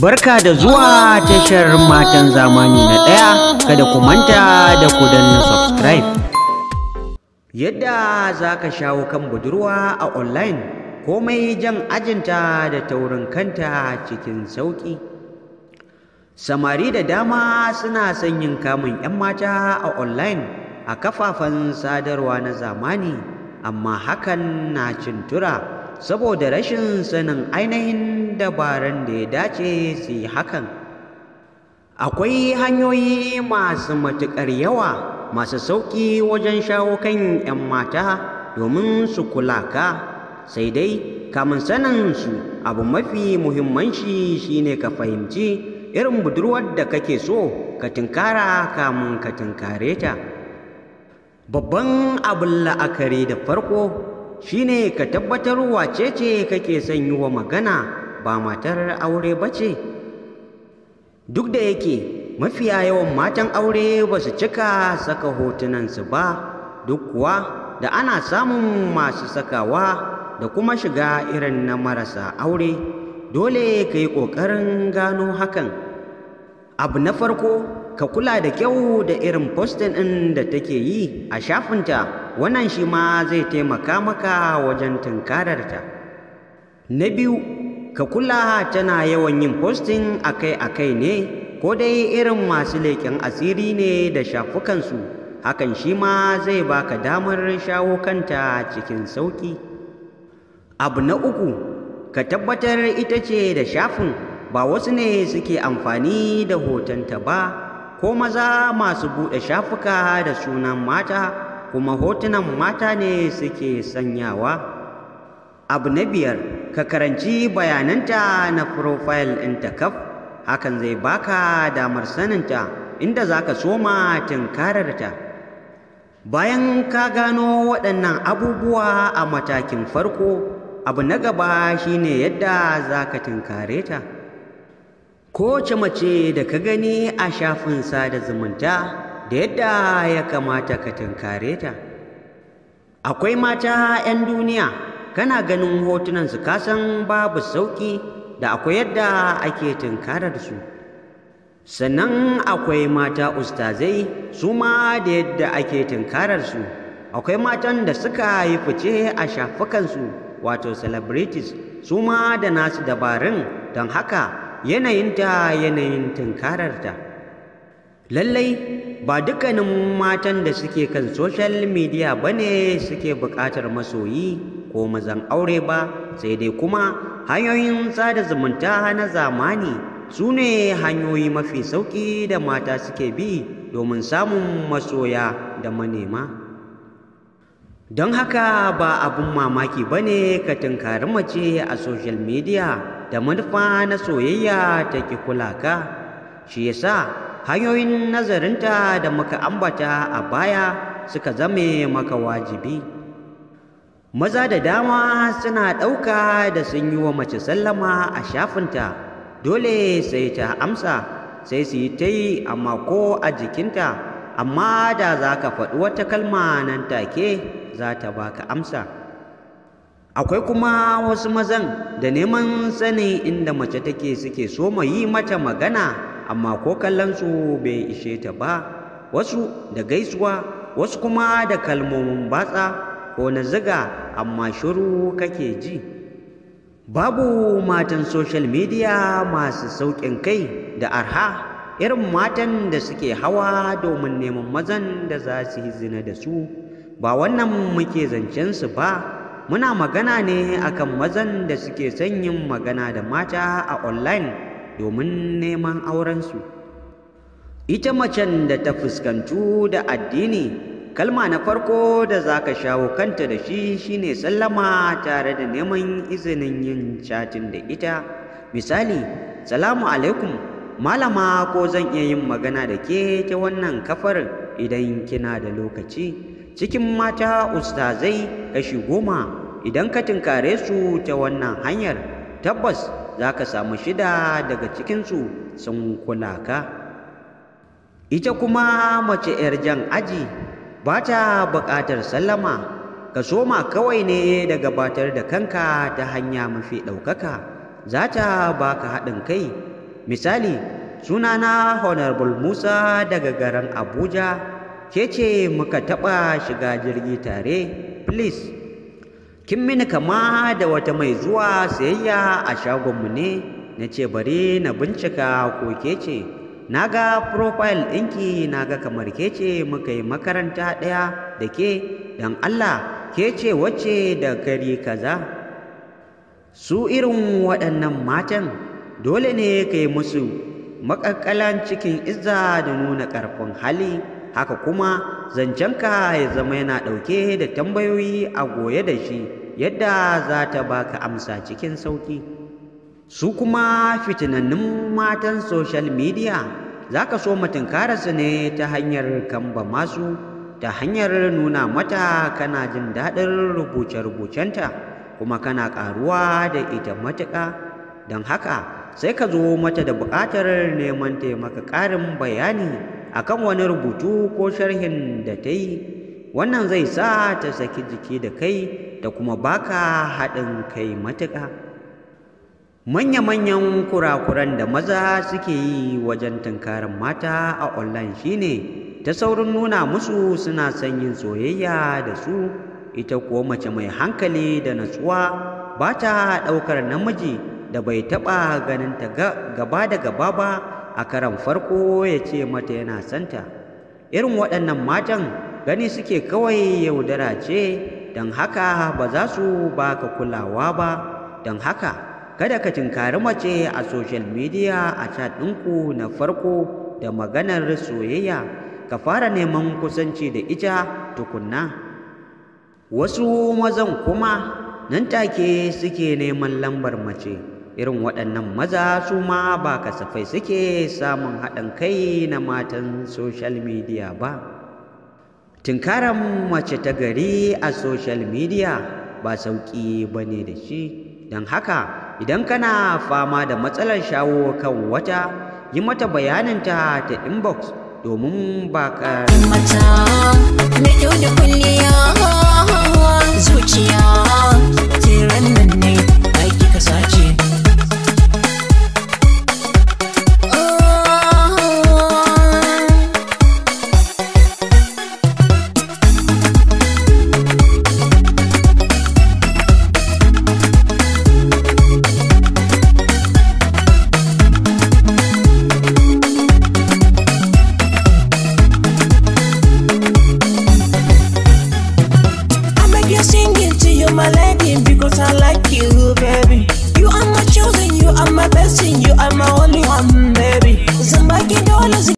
Barka da zuwa tashar matan zamani na ɗaya kada ku manta da ku danna subscribe. Yadda za ka shawo kan budurwa a online komai jan ajinta da taurin kanta cikin sauƙi. Samari da dama suna son yin kamun 'yan mata a online a kafafen sadarwa na zamani amma hakan na cin tura. saboda rashin sanin ainihin dabaran da ya dace su yi hakan akwai hanyoyi masu matuƙar yawa masu sauƙi wajen shawo kan 'yan mata domin su kula ka sai dai kamun sanin su abu mafi muhimmanci shine ka fahimci irin budurwar da kake so ka tunkara kamun ka tunkare ta babban abin la'akari da farko shine ka tabbatar wace ce kake son yi wa magana ba matar aure ba ce duk da yake mafiya yawan matan aure ba su cika saka hotunansu ba duk kuwa da ana samun masu sakawa da kuma shiga irin na marasa aure dole ka yi ƙoƙarin gano hakan abu na farko ka kula da kyau da irin postin ɗin da take yi a shafinta wannan shi ma zai taimaka maka wajen tunkararta na biyu ka kula tana yawan yin postin akai-akai ne ko dai irin masu leƙen asiri ne da shafukansu hakan shi ma zai baka damar shawo kanta cikin sauƙi abu na uku ka tabbatar ita ce da shafin ba wasu ne suke amfani da hotonta ba ko maza masu buɗe shafuka da sunan mata kuma hotunan mata ne suke sanyawa abu na biyar ka karanci bayananta na profil ɗinta kaf hakan zai baka damar saninta inda za ka soma tunkararta bayan ka gano waɗannan abubuwa a matakin farko abu na gaba shine yadda za ka tunkare ta kowace mace da ka gani a shafin sada zumunta da yadda ya kamata ka tunkare ta akwai mata 'yan duniya kana ganin hotunan su kasan babu sauƙi da akwai yadda ake tunkarar su sannan akwai mata ustazai su ma da yadda ake tunkarar su akwai matan da suka yi fice a shafukansu wato celebrities su ma da nasu dabarun don haka yanayinta yanayin tunkararta lallai ba dukkanin matan da suke kan social media ba ne suke buƙatar masoyi ko mazan aure ba sai dai kuma hanyoyin sada zumunta na zamani su ne hanyoyi mafi sauƙi da mata suke bi domin samun masoya da manema. don haka ba abin mamaki ba ne ka tunkari mace a social media da manufa na soyayya ta ki kula ka shi yasa hanyoyin nazarinta da muka ambata a baya suka zame maka wajibi maza da dama suna ɗauka da sun yi wa mace sallama a shafinta dole sai ta amsa sai su yi ta yi amma ko a jikinta amma da za ka faɗi wata kalma nan take za ta baka amsa akwai kuma wasu mazan da neman sani inda mace take suke so ma yi mata magana amma ko kallon su bai ishe ta ba wasu da gaisuwa wasu kuma da kalmomin batsa ko na ziga amma shiru kake ji babu matan social media masu sauƙin kai da arha irin matan da suke hawa domin neman mazan da za su yi zina da su ba wannan muke zancen su ba muna magana ne akan mazan da suke son yin magana da mata a online domin neman aurensu ita macen da ta fuskantu da addini kalma na farko da za ka shawo kanta da shi shine sallama tare da neman izinin yin chatin da ita misali salamu alaikum malama ko zan iya yin magana da ke ta wannan kafar idan kina da lokaci cikin mata ustazai kashi goma idan ka tinkare su ta wannan hanyar tabbas za ka samu shida daga cikinsu sun kula ka ita kuma mace 'yar jan aji ba ta buƙatar sallama ka soma kawai ne da gabatar da kanka ta hanya mafi ɗaukaka za ta ba ka haɗin kai misali sunana honorable musa daga garin abuja ke ce muka taɓa shiga jirgi tare please kin mini kama da wata mai zuwa sayayya a shagonmu ne na ce bari na bincika ko ke ce na ga profile ɗinki na ga kamar ke ce muka yi makaranta ɗaya da ke don allah ke ce wacce da kari kaza su irin waɗannan matan dole ne ka yi musu makakkalan cikin izza da nuna ƙarfin hali haka kuma zancenka ya zama yana ɗauke da tambayoyi a goye da shi yadda za ta baka amsa cikin sauƙi su kuma fitinannun matan social media za ka so mutunkararsu ne ta hanyar kamba masu ta hanyar nuna mata kana jin daɗin rubuce-rubucenta kuma kana ƙaruwa da ita matuƙa don haka sai ka zo mata da buƙatar neman taimaka ƙarin bayani a kan wani rubutu ko sharhin da ta yi wannan zai sa ta saki jiki da kai da kuma baka haɗin kai matuƙa manya-manyan kurakuran da maza suke yi wajen tunkarar mata a online shine ta saurin nuna musu suna son yin soyayya da su ita kuwa mace mai hankali da natsuwa ba ta ɗaukar namiji da bai taɓa ganin ta gaba da gaba ba a karan farko ya ce mata yana santa irin waɗannan matan gani suke kawai yaudara ce don haka ba za su baka kulawa ba don haka kada ka tinkari mace a social media a chat ɗinku na farko da maganar soyayya ka fara neman kusanci da ita tukunna wasu mazan kuma nan take suke neman lambar mace irin waɗannan maza su ma ba kasafai suke samun haɗin kai na matan social media ba tunkaran mace ta gari a social media ba sauƙi ba ne da shi don haka idan kana fama da matsalar shawo kan wata yi mata bayaninta ta inbox domin ba ka zuciya